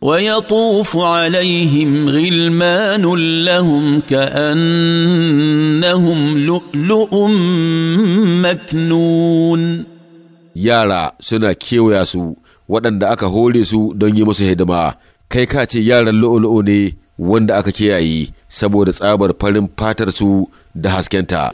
ويطوف عليهم غلمان لهم كأنهم لؤلؤ مكنون yara suna kewaya su waɗanda aka hore su don yi musu hidima kai ka ce yaran lo'olo'o ne wanda aka kiyaye saboda tsabar farin fatar su da haskenta.